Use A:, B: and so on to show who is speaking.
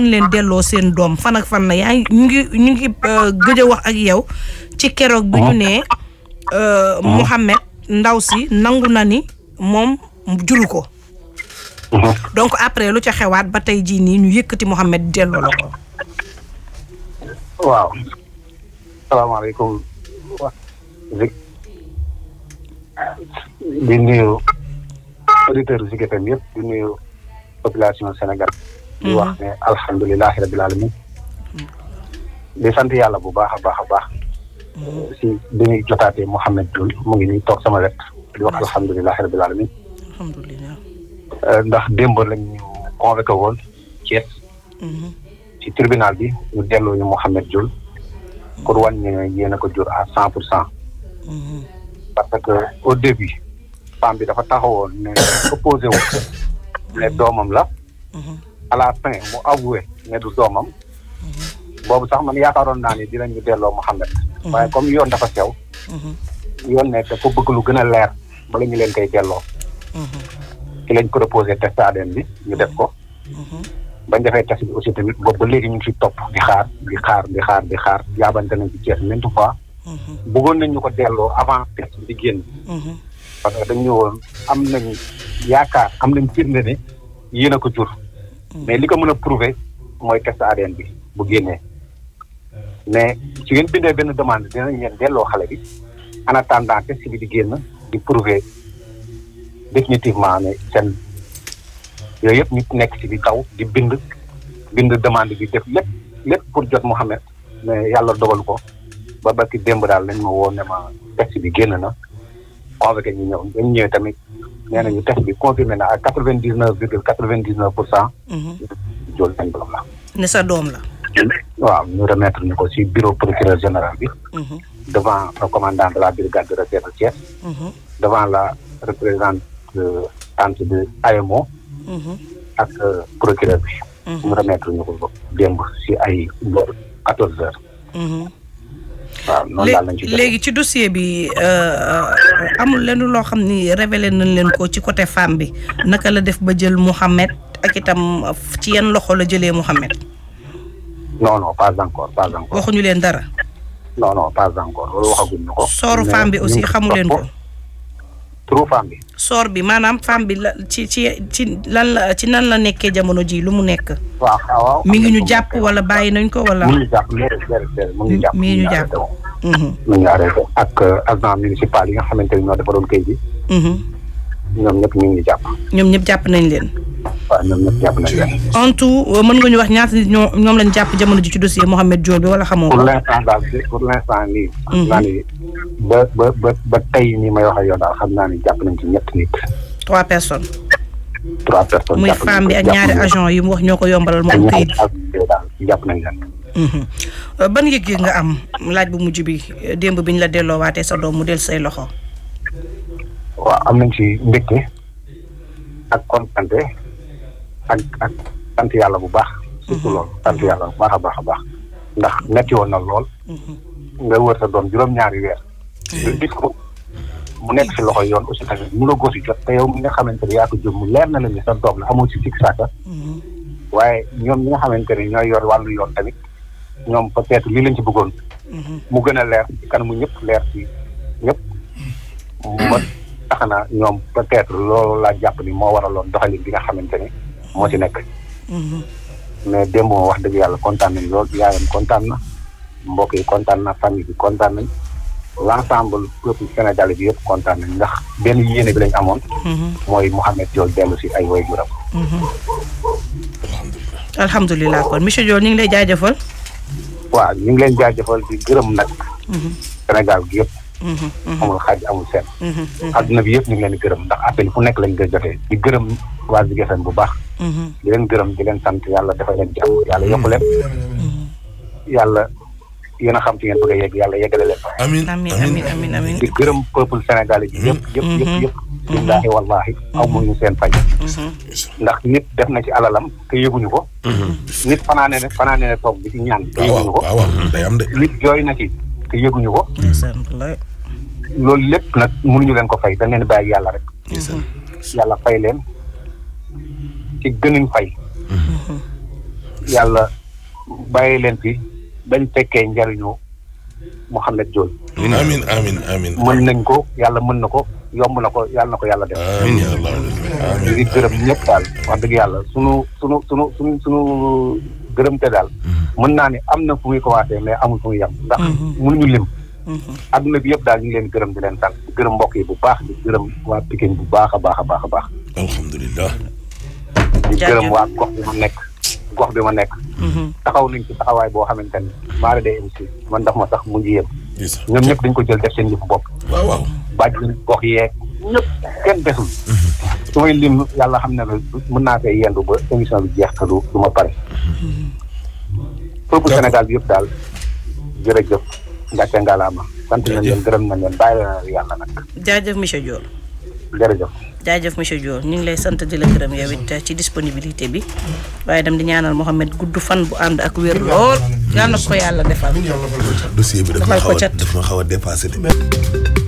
A: mën leen delloo seen doom fan ak fan la yaa ngi ñu ngi ñu euh, a wax ak yow. ci keroog bi ñu uh-huh. nee. Euh, uh-huh. Mouhamed ndaw si nangu na ni moom juru ko. Uh-huh. donc après lu ca xewaat ba tey jii nii ñu yëkkati Mouhamed delloo la ko.
B: waaw. salaamaaleykum. di nuyu auditeurs Zik Sénégal. di wax ne alhamdulilahi rabil alamin di sant yàlla bu baax a baax a baax si bi ñuy jotaatee Mouhamed Diouf mu ngi nii toog sama wet di wax alhamdulilahi rabil alamin euh, ndax démb lañ ñu convoqué woon mhm. ci tribunal bi ñu delloo ñu Mouhamed Diouf pour wan ne yéen ko jur à cent pour cent mhm. parce que au début femme bi dafa taxawoon ne opposé wu mhm. ne doomam la à la fin mu avoué ne doomam boobu sax man yaakaaroon naa ni dinañu delloo Mouhamed mhm. waaye comme yoon dafa sew mhm. yoon ne dafa bëgg lu gën a leer bala ñu leen koy delloo mhm. ci lañ proposé test ADN bi ñu def ko bañ defee test bi aussi tamit boobu ba léegi ñu ngi ci topp di xaar di xaar di xaar di a yaabante nañ ci Thiès fois bëggoon nañ ñu ko delloo avant test bi di génn parce que dañ ñëwoon am nañ yaakaar am nañ firnde ne yéen a ko jur mais li ko mën a prouver mooy test ADN bi bu génnee mais su ngeen bindee benn demande dinañ leen delloo xale bi en attendant test bi di génn di prouver définitivement ne seen yooyu yëpp nit nekk ci bi taw di bind bind demande bi def lépp lépp pour jot Mouhamed mais yàlla dogal ko ba bakki démb daal lañ ma woo ne ma test bi génn na convoqué ñu ñëw ñu ñëwee tamit nee nañu test bi confirmé na à quatre vingt dix neuf virgule quatre vingt dix neuf pour cent. Mhm. la. ne sa doom la. waaw ñu remettre ñu ko ci bureau procureur général bi. Mhm. devant le commandant de la brigade de recherche Thiès. Mhm. devant la représentante euh, de AMO. ak euh, procureur bi. ñu remettre ñu ko démb ci ay quatorze
A: heures.
C: léegi
A: ci dossier bi euh, amul lenn loo xam ni révélé nañ leen ko ci côté femme bi naka la def ba jël Mouhamed ak itam ci yenn loxo la jëlee Mouhamed.
B: non non pas encore pas encore. waxuñu leen dara. non non pas encore sooru femme bi aussi xamu leen ko. turu femme bi.
A: soor bi maanaam femme bi la ci ci ci la ci nan la nekkee jamono ji lu mu nekk. waaw waaw mi ngi ñu jàpp wala bàyyi nañ ko wala. mi ngi
B: jàpp mi ngi ñu jàpp. mi ngi arrêté mhm. ak euh, agent municipal yi nga xamante ne ñoo dafa doon kay ji. Mhm. ñoom ñëpp ngi jàpp.
A: ñoom ñëpp jàpp nañ leen.
B: waaw jàpp nañ leen.
A: en tout euh, mën nga ñu wax ñaata nit ñoo ñoom lañ jàpp jamono ji ci dossier Mouhamed Diop bi wala xamoo
C: ko. pour l'
B: instant daal pour l' mhm. ni may wax ak yow daal xam naa ni jàpp nañ ci ñett nit. trois personnes. trois personnes muy femme bi
A: ak ñaari agent yi mu wax ñoo ko yombalal moom kayit. jàpp nañ mhm. euh, ban yëg-yëg nga am laaj bu mujj bi démb bi biñ la delloowaatee sa doom mu del say loxo.
B: waaw am nañ ci mbégte ak kontante. ak ak sant yàlla bu baax. surtout mhm. loolu sant yàlla bu baax a baax a baax ndax metti woon na lool. Mhm. nga wër sa doom juróom-ñaari weer. Eh. nga ko mu nekk si loxo yoon aussi tamit mu la góosi jot te yow mi nga xamante ne yaa ko jëm mu leer na la sa doom la amoo si fig saaka. Mhm. waaye ñoom ñi nga xamante ne ñooy yor wàllu yoon tamit ñoom peut-être lii lañ ci bëggoon. mu gën a leer kan mu ñëpp leer ci ñëpp. Mm. ba tax na ñoom peut-être loolu laa jàpp ni moo waraloon doxalin bi nga xamante ne. moo ci nekk. mais démb moom wax dëgg yàlla kontaan nañ lool yaayam kontaan na mbokk yi kontaan na famille bi kontaan nañ l' ensemble bi yëpp kontaan nañ ndax benn yéene bi lañ amoon. mooy Mouhamed Diol dellu si ay waajuram.
A: alhamdulilah kon monsieur Diol ñu ngi lay jaajëfal.
B: waaw ñu ngi leen jaajëfal di gërëm nag. Mhm. Sénégal gi yëpp.
C: Mhm, mhm. amul xaaj amul seen. adduna
B: bi yëpp ñu ngi leen gërëm ndax appel fu nekk lañ koy jotee. di gërëm waa Ziguinchor bu baax. di leen gërëm ji leen sant yàlla dafa leen jàmm yàlla yokk leen yàlla yéen a xam ci ngeen bëgg yegg yàlla yeggale leen amiin amiin amiin amiin yëpp yëpp mm-hmm. yëpp mm-hmm. mm-hmm. mu ñu seen fay ndax nit def na ci alalam yëguñu ko nit fanaane ne fanaane toog bi ci na ci te ko loolu lépp nag mënuñu leen ko fay dañ leen yàlla rek yàlla fay leen ci gënuñ fay. Mm-hmm. yàlla bàyyi leen fi bañ fekkee njariñoo Mouhamed Dione. amiin amiin amiin mën nañ ko yàlla mën na ko yomb na ko yàlla na ko yàlla def. amiin di gërëm ñëpp daal wax dëgg yàlla sunu sunu sunu sunu sunu gërëmte daal. Mm-hmm. mën naa ni am na fu muy commencé mais amul fu muy yem. ndax mm-hmm. ñu lim. adduna bi yëpp daal ñu ngi leen gërëm di leen sant gërëm mbokk yi bu baax di gërëm waa Pikine bu baax a baax a baax a baax. gërëm waa gox bi ma nekk gox bi ma nekk mhm. taxaw nañ ci taxawaay boo xamante ni maara day émission man daf ma sax mu ngi yëm ñëpp dañ ko jël def seen yëfu bopp waaw waaw bàjjen gox yeeg ñëpp kenn desul mhm. su may lim yàlla xam ne la mën ma pare mhm. peuple Sénégal bi yëpp daal jërëjëf ngàcce ngalaama sant nañ leen gërëm nañ leen bàyyi la yàlla nag
A: jaajëf monsieur Dior jërëjëf jaajëf monsieur Dior ñu ngi lay sant di la gërëm yow it ci disponibilité bi waaye dem di ñaanal Mohamed gudd fan bu ànd ak wér lool. yal na ko yàlla defal.
B: dossier bi dafa ma xaw a dafa ma xaw a dépassé